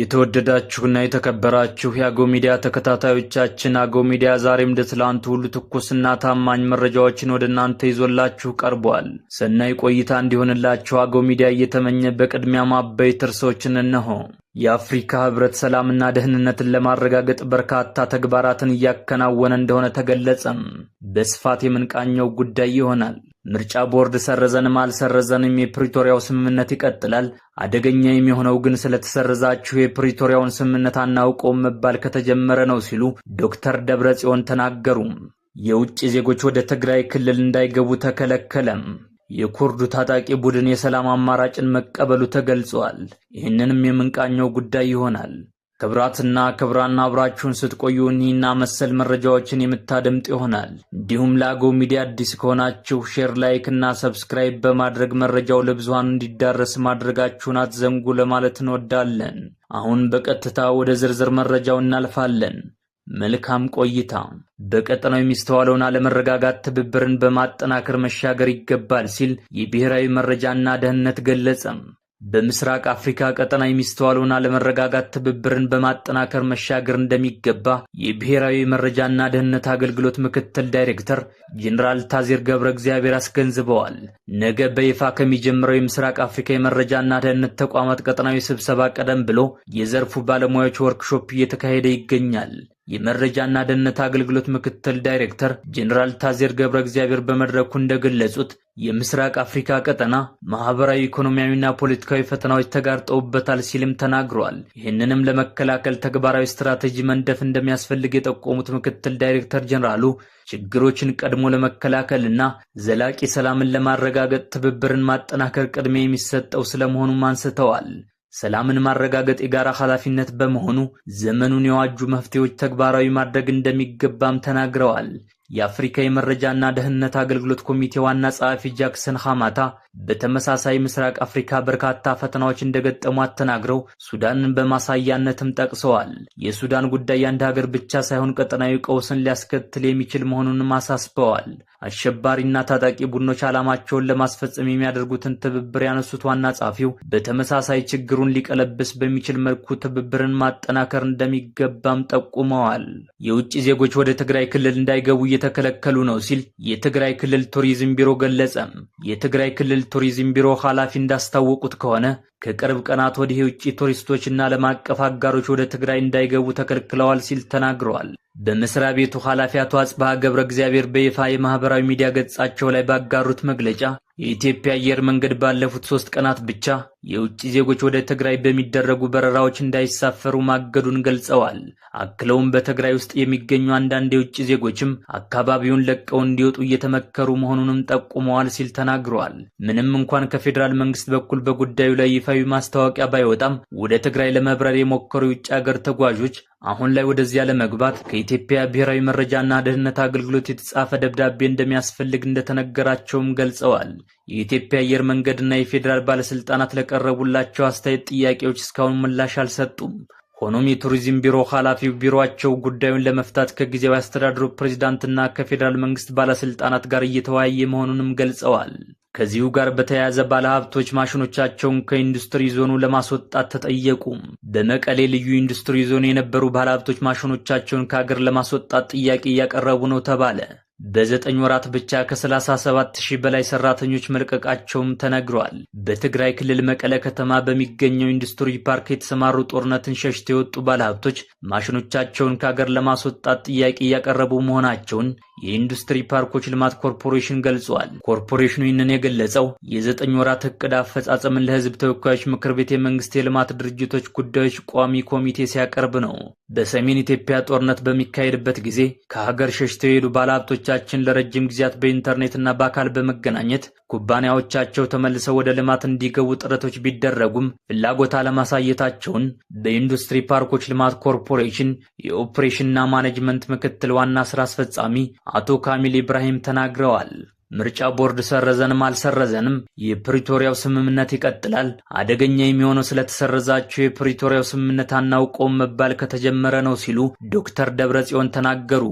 የተወደዳችሁና የተከበራችሁ የአገው ሚዲያ ተከታታዮቻችን አገው ሚዲያ ዛሬም እንደ ትላንቱ ሁሉ ትኩስና ታማኝ መረጃዎችን ወደ እናንተ ይዞላችሁ ቀርቧል። ሰናይ ቆይታ እንዲሆንላችሁ አገው ሚዲያ እየተመኘ በቅድሚያ ማበይ ትርሶችን እነሆ የአፍሪካ ህብረት ሰላምና ደህንነትን ለማረጋገጥ በርካታ ተግባራትን እያከናወነ እንደሆነ ተገለጸም። በስፋት የምንቃኘው ጉዳይ ይሆናል። ምርጫ ቦርድ ሰረዘንም አልሰረዘንም የፕሪቶሪያው ስምምነት ይቀጥላል። አደገኛ የሚሆነው ግን ስለተሰረዛችሁ የፕሪቶሪያውን ስምምነት አናውቀውም መባል ከተጀመረ ነው ሲሉ ዶክተር ደብረ ጽዮን ተናገሩ። የውጭ ዜጎች ወደ ትግራይ ክልል እንዳይገቡ ተከለከለም። የኩርዱ ታጣቂ ቡድን የሰላም አማራጭን መቀበሉ ተገልጿል። ይህንንም የምንቃኘው ጉዳይ ይሆናል። ክብራትና ክብራና አብራችሁን ስትቆዩ እኒህና መሰል መረጃዎችን የምታደምጥ ይሆናል። እንዲሁም ለአጎ ሚዲያ አዲስ ከሆናችሁ ሼር፣ ላይክ እና ሰብስክራይብ በማድረግ መረጃው ለብዙሃኑ እንዲዳረስ ማድረጋችሁን አትዘንጉ ለማለት እንወዳለን። አሁን በቀጥታ ወደ ዝርዝር መረጃው እናልፋለን። መልካም ቆይታ። በቀጠናው የሚስተዋለውን አለመረጋጋት ትብብርን በማጠናከር መሻገር ይገባል ሲል የብሔራዊ መረጃና ደህንነት ገለጸም። በምስራቅ አፍሪካ ቀጠና የሚስተዋለውን አለመረጋጋት ትብብርን በማጠናከር መሻገር እንደሚገባ የብሔራዊ መረጃና ደህንነት አገልግሎት ምክትል ዳይሬክተር ጄኔራል ታዜር ገብረ እግዚአብሔር አስገንዝበዋል። ነገ በይፋ ከሚጀምረው የምስራቅ አፍሪካ የመረጃና ደህንነት ተቋማት ቀጠናዊ ስብሰባ ቀደም ብሎ የዘርፉ ባለሙያዎች ወርክሾፕ እየተካሄደ ይገኛል። የመረጃና ደህንነት አገልግሎት ምክትል ዳይሬክተር ጄኔራል ታዜር ገብረ እግዚአብሔር በመድረኩ እንደገለጹት የምስራቅ አፍሪካ ቀጠና ማህበራዊ፣ ኢኮኖሚያዊና ፖለቲካዊ ፈተናዎች ተጋርጠውበታል ሲልም ተናግረዋል። ይህንንም ለመከላከል ተግባራዊ ስትራቴጂ መንደፍ እንደሚያስፈልግ የጠቆሙት ምክትል ዳይሬክተር ጄኔራሉ ችግሮችን ቀድሞ ለመከላከልና ዘላቂ ሰላምን ለማረጋገጥ ትብብርን ማጠናከር ቅድሚያ የሚሰጠው ስለመሆኑም አንስተዋል። ሰላምን ማረጋገጥ የጋራ ኃላፊነት በመሆኑ ዘመኑን የዋጁ መፍትሄዎች ተግባራዊ ማድረግ እንደሚገባም ተናግረዋል። የአፍሪካ የመረጃና ደህንነት አገልግሎት ኮሚቴ ዋና ጸሐፊ ጃክሰን ሃማታ በተመሳሳይ ምስራቅ አፍሪካ በርካታ ፈተናዎች እንደገጠሟት ተናግረው ሱዳንን በማሳያነትም ጠቅሰዋል። የሱዳን ጉዳይ የአንድ ሀገር ብቻ ሳይሆን ቀጠናዊ ቀውስን ሊያስከትል የሚችል መሆኑንም አሳስበዋል። አሸባሪና ታጣቂ ቡድኖች ዓላማቸውን ለማስፈጸም የሚያደርጉትን ትብብር ያነሱት ዋና ጸሐፊው በተመሳሳይ ችግሩን ሊቀለብስ በሚችል መልኩ ትብብርን ማጠናከር እንደሚገባም ጠቁመዋል። የውጭ ዜጎች ወደ ትግራይ ክልል እንዳይገቡ እየተከለከሉ ነው ሲል የትግራይ ክልል ቱሪዝም ቢሮ ገለጸ። የትግራይ ክልል ቱሪዝም ቢሮ ኃላፊ እንዳስታወቁት ከሆነ ከቅርብ ቀናት ወዲህ የውጭ ቱሪስቶችና ዓለም አቀፍ አጋሮች ወደ ትግራይ እንዳይገቡ ተከልክለዋል ሲል ተናግረዋል። በመስሪያ ቤቱ ኃላፊ አቶ አጽባሃ ገብረ እግዚአብሔር በይፋ የማህበራዊ ሚዲያ ገጻቸው ላይ ባጋሩት መግለጫ የኢትዮጵያ አየር መንገድ ባለፉት ሶስት ቀናት ብቻ የውጭ ዜጎች ወደ ትግራይ በሚደረጉ በረራዎች እንዳይሳፈሩ ማገዱን ገልጸዋል። አክለውም በትግራይ ውስጥ የሚገኙ አንዳንድ የውጭ ዜጎችም አካባቢውን ለቀው እንዲወጡ እየተመከሩ መሆኑንም ጠቁመዋል ሲል ተናግረዋል። ምንም እንኳን ከፌዴራል መንግስት በኩል በጉዳዩ ላይ ይፋዊ ማስታወቂያ ባይወጣም ወደ ትግራይ ለመብረር የሞከሩ የውጭ ሀገር ተጓዦች አሁን ላይ ወደዚያ ለመግባት ከኢትዮጵያ ብሔራዊ መረጃና ደህንነት አገልግሎት የተጻፈ ደብዳቤ እንደሚያስፈልግ እንደተነገራቸውም ገልጸዋል። የኢትዮጵያ አየር መንገድና የፌዴራል ባለስልጣናት ለቀረቡላቸው አስተያየት ጥያቄዎች እስካሁን ምላሽ አልሰጡም። ሆኖም የቱሪዝም ቢሮ ኃላፊው ቢሮቸው ጉዳዩን ለመፍታት ከጊዜያዊ አስተዳደሩ ፕሬዚዳንትና ከፌዴራል መንግስት ባለስልጣናት ጋር እየተወያየ መሆኑንም ገልጸዋል። ከዚሁ ጋር በተያያዘ ባለሀብቶች ማሽኖቻቸውን ከኢንዱስትሪ ዞኑ ለማስወጣት ተጠየቁ። በመቀሌ ልዩ ኢንዱስትሪ ዞን የነበሩ ባለሀብቶች ማሽኖቻቸውን ከሀገር ለማስወጣት ጥያቄ እያቀረቡ ነው ተባለ። በዘጠኝ ወራት ብቻ ከ37 ሺህ በላይ ሰራተኞች መልቀቃቸውም ተነግሯል። በትግራይ ክልል መቀለ ከተማ በሚገኘው ኢንዱስትሪ ፓርክ የተሰማሩ ጦርነትን ሸሽተው የወጡ ባለሀብቶች ማሽኖቻቸውን ከሀገር ለማስወጣት ጥያቄ እያቀረቡ መሆናቸውን የኢንዱስትሪ ፓርኮች ልማት ኮርፖሬሽን ገልጿል። ኮርፖሬሽኑ ይህንን የገለጸው የዘጠኝ ወራት እቅድ አፈጻጸምን ለህዝብ ተወካዮች ምክር ቤት የመንግስት የልማት ድርጅቶች ጉዳዮች ቋሚ ኮሚቴ ሲያቀርብ ነው። በሰሜን ኢትዮጵያ ጦርነት በሚካሄድበት ጊዜ ከሀገር ሸሽተው የሄዱ ባለሀብቶቻችን ለረጅም ጊዜያት በኢንተርኔትና በአካል በመገናኘት ኩባንያዎቻቸው ተመልሰው ወደ ልማት እንዲገቡ ጥረቶች ቢደረጉም ፍላጎት አለማሳየታቸውን በኢንዱስትሪ ፓርኮች ልማት ኮርፖሬሽን የኦፕሬሽንና ማኔጅመንት ምክትል ዋና ስራ አስፈጻሚ አቶ ካሚል ኢብራሂም ተናግረዋል። ምርጫ ቦርድ ሰረዘንም አልሰረዘንም የፕሪቶሪያው ስምምነት ይቀጥላል። አደገኛ የሚሆነው ስለተሰረዛቸው የፕሪቶሪያው ስምምነት አናውቀውም መባል ከተጀመረ ነው ሲሉ ዶክተር ደብረጽዮን ተናገሩ።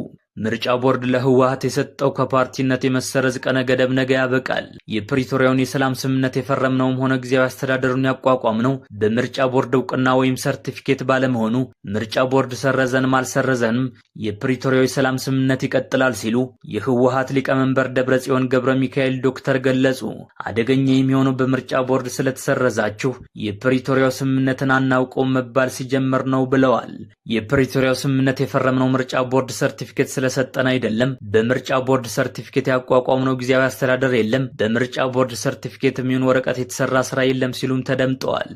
ምርጫ ቦርድ ለህወሀት የሰጠው ከፓርቲነት የመሰረዝ ቀነ ገደብ ነገ ያበቃል። የፕሪቶሪያውን የሰላም ስምምነት የፈረምነውም ሆነ ጊዜያዊ አስተዳደሩን ያቋቋም ነው በምርጫ ቦርድ እውቅና ወይም ሰርቲፊኬት ባለመሆኑ ምርጫ ቦርድ ሰረዘንም አልሰረዘንም የፕሪቶሪያው የሰላም ስምምነት ይቀጥላል ሲሉ የህወሀት ሊቀመንበር ደብረጽዮን ገብረ ሚካኤል ዶክተር ገለጹ። አደገኛ የሚሆነው በምርጫ ቦርድ ስለተሰረዛችሁ የፕሪቶሪያው ስምምነትን አናውቀው መባል ሲጀመር ነው ብለዋል። የፕሪቶሪያው ስምምነት የፈረምነው ምርጫ ቦርድ ሰርቲፊኬት ስለ ስለሰጠን አይደለም። በምርጫ ቦርድ ሰርቲፊኬት ያቋቋምነው ጊዜያዊ አስተዳደር የለም። በምርጫ ቦርድ ሰርቲፊኬት የሚሆን ወረቀት የተሰራ ስራ የለም ሲሉም ተደምጠዋል።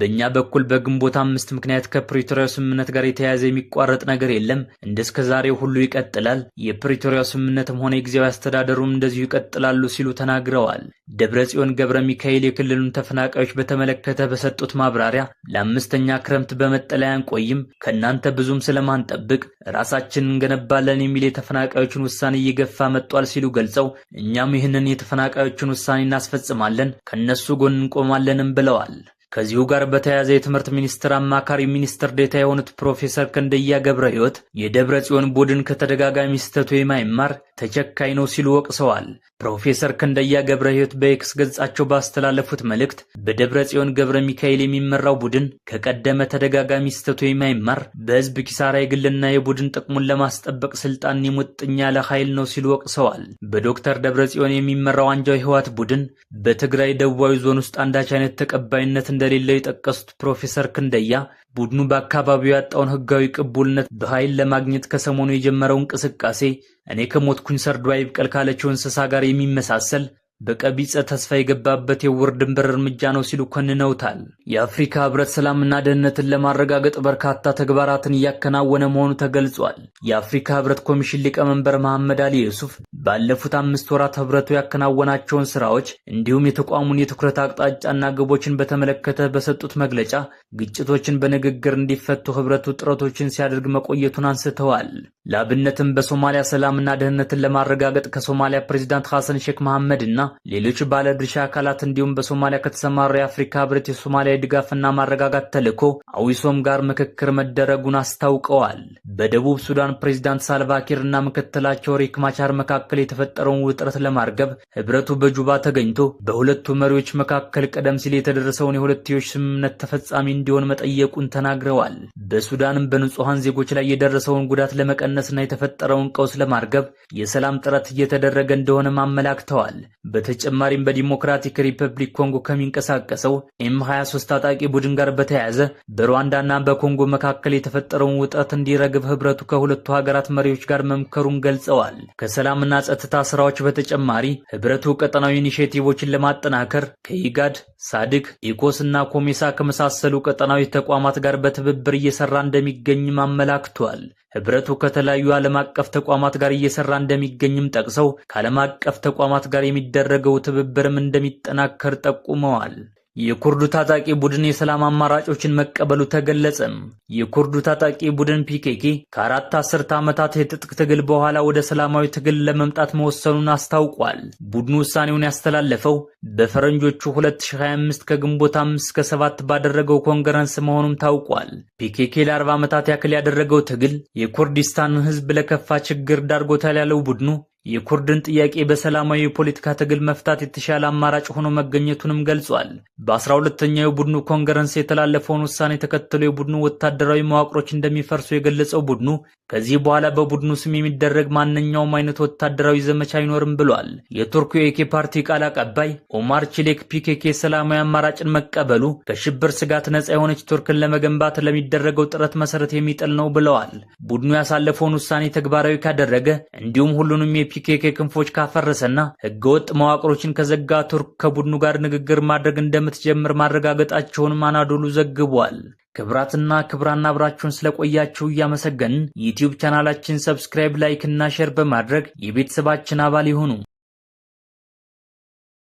በእኛ በኩል በግንቦት አምስት ምክንያት ከፕሪቶሪያው ስምምነት ጋር የተያያዘ የሚቋረጥ ነገር የለም። እንደ እስከ ዛሬው ሁሉ ይቀጥላል። የፕሪቶሪያው ስምምነትም ሆነ የጊዜያዊ አስተዳደሩም እንደዚሁ ይቀጥላሉ ሲሉ ተናግረዋል። ደብረ ጽዮን ገብረ ሚካኤል የክልሉን ተፈናቃዮች በተመለከተ በሰጡት ማብራሪያ ለአምስተኛ ክረምት በመጠለያ አንቆይም፣ ከእናንተ ብዙም ስለማንጠብቅ ራሳችን እንገነባለን የሚል የተፈናቃዮችን ውሳኔ እየገፋ መጥቷል ሲሉ ገልጸው እኛም ይህንን የተፈናቃዮችን ውሳኔ እናስፈጽማለን፣ ከእነሱ ጎን እንቆማለንም ብለዋል። ከዚሁ ጋር በተያያዘ የትምህርት ሚኒስቴር አማካሪ ሚኒስትር ዴታ የሆኑት ፕሮፌሰር ክንደያ ገብረ ሕይወት የደብረ ጽዮን ቡድን ከተደጋጋሚ ስህተቱ የማይማር ተቸካይ ነው ሲሉ ወቅሰዋል። ፕሮፌሰር ክንደያ ገብረ ሕይወት በኤክስ ገጻቸው ባስተላለፉት መልእክት በደብረ ጽዮን ገብረ ሚካኤል የሚመራው ቡድን ከቀደመ ተደጋጋሚ ስህተቱ የማይማር በህዝብ ኪሳራ የግልና የቡድን ጥቅሙን ለማስጠበቅ ስልጣን የሙጥኛ ያለ ኃይል ነው ሲሉ ወቅሰዋል። በዶክተር ደብረ ጽዮን የሚመራው አንጃው የህወሓት ቡድን በትግራይ ደቡባዊ ዞን ውስጥ አንዳች አይነት ተቀባይነት እንደሌለው የጠቀሱት ፕሮፌሰር ክንደያ ቡድኑ በአካባቢው ያጣውን ህጋዊ ቅቡልነት በኃይል ለማግኘት ከሰሞኑ የጀመረው እንቅስቃሴ እኔ ከሞትኩኝ ሰርዶ አይብቀል ካለችው እንስሳ ጋር የሚመሳሰል በቀቢጸ ተስፋ የገባበት የውር ድንበር እርምጃ ነው ሲሉ ኮንነውታል። የአፍሪካ ህብረት ሰላምና ደህንነትን ለማረጋገጥ በርካታ ተግባራትን እያከናወነ መሆኑ ተገልጿል። የአፍሪካ ህብረት ኮሚሽን ሊቀመንበር መሐመድ አሊ ዩሱፍ ባለፉት አምስት ወራት ህብረቱ ያከናወናቸውን ስራዎች እንዲሁም የተቋሙን የትኩረት አቅጣጫና ግቦችን በተመለከተ በሰጡት መግለጫ ግጭቶችን በንግግር እንዲፈቱ ህብረቱ ጥረቶችን ሲያደርግ መቆየቱን አንስተዋል። ለአብነትም በሶማሊያ ሰላምና ደህንነትን ለማረጋገጥ ከሶማሊያ ፕሬዚዳንት ሐሰን ሼክ መሐመድ እና ሌሎች ባለድርሻ አካላት እንዲሁም በሶማሊያ ከተሰማሩ የአፍሪካ ህብረት የሶማሊያ ድጋፍና ማረጋጋት ተልዕኮ አዊሶም ጋር ምክክር መደረጉን አስታውቀዋል። በደቡብ ሱዳን ፕሬዚዳንት ሳልቫኪር እና ምክትላቸው ሪክ ማቻር መካከል መካከል የተፈጠረውን ውጥረት ለማርገብ ህብረቱ በጁባ ተገኝቶ በሁለቱ መሪዎች መካከል ቀደም ሲል የተደረሰውን የሁለትዮሽ ስምምነት ተፈጻሚ እንዲሆን መጠየቁን ተናግረዋል። በሱዳንም በንጹሐን ዜጎች ላይ የደረሰውን ጉዳት ለመቀነስና የተፈጠረውን ቀውስ ለማርገብ የሰላም ጥረት እየተደረገ እንደሆነ አመላክተዋል። በተጨማሪም በዲሞክራቲክ ሪፐብሊክ ኮንጎ ከሚንቀሳቀሰው ኤም 23 ታጣቂ ቡድን ጋር በተያያዘ በሩዋንዳና በኮንጎ መካከል የተፈጠረውን ውጥረት እንዲረግብ ህብረቱ ከሁለቱ ሀገራት መሪዎች ጋር መምከሩን ገልጸዋል። ከሰላምና ጸጥታ ስራዎች በተጨማሪ ህብረቱ ቀጠናዊ ኢኒሼቲቮችን ለማጠናከር ከኢጋድ፣ ሳድክ፣ ኢኮስ እና ኮሜሳ ከመሳሰሉ ቀጠናዊ ተቋማት ጋር በትብብር እየሰራ እንደሚገኝም አመላክቷል። ህብረቱ ከተለያዩ ዓለም አቀፍ ተቋማት ጋር እየሰራ እንደሚገኝም ጠቅሰው ከዓለም አቀፍ ተቋማት ጋር የሚደረገው ትብብርም እንደሚጠናከር ጠቁመዋል። የኩርዱ ታጣቂ ቡድን የሰላም አማራጮችን መቀበሉ ተገለጸም። የኩርዱ ታጣቂ ቡድን ፒኬኬ ከአራት አስርተ ዓመታት የትጥቅ ትግል በኋላ ወደ ሰላማዊ ትግል ለመምጣት መወሰኑን አስታውቋል። ቡድኑ ውሳኔውን ያስተላለፈው በፈረንጆቹ 2025 ከግንቦት 5 እስከ 7 ባደረገው ኮንግረንስ መሆኑም ታውቋል። ፒኬኬ ለ40 ዓመታት ያክል ያደረገው ትግል የኩርዲስታን ሕዝብ ለከፋ ችግር ዳርጎታል ያለው ቡድኑ የኩርድን ጥያቄ በሰላማዊ የፖለቲካ ትግል መፍታት የተሻለ አማራጭ ሆኖ መገኘቱንም ገልጿል። 12 የቡድኑ ኮንገረንስ የተላለፈውን ውሳኔ ተከትሎ የቡድኑ ወታደራዊ መዋቅሮች እንደሚፈርሱ የገለጸው ቡድኑ ከዚህ በኋላ በቡድኑ ስም የሚደረግ ማንኛውም አይነት ወታደራዊ ዘመቻ አይኖርም ብሏል። የቱርኩ የኤኬ ፓርቲ ቃል አቀባይ ኦማር ቺሌክ ፒኬኬ ሰላማዊ አማራጭን መቀበሉ ከሽብር ስጋት ነጻ የሆነች ቱርክን ለመገንባት ለሚደረገው ጥረት መሰረት የሚጥል ነው ብለዋል። ቡድኑ ያሳለፈውን ውሳኔ ተግባራዊ ካደረገ እንዲሁም ሁሉንም የፒኬኬ ክንፎች ካፈረሰና ህገወጥ መዋቅሮችን ከዘጋ ቱርክ ከቡድኑ ጋር ንግግር ማድረግ እንደምትጀምር ማረጋገጣቸውንም አናዶሉ ዘግቧል። ክብራትና ክብራና አብራችሁን ስለቆያችሁ እያመሰገንን ዩቲዩብ ቻናላችን ሰብስክራይብ፣ ላይክ እና ሼር በማድረግ የቤተሰባችን አባል ይሁኑ።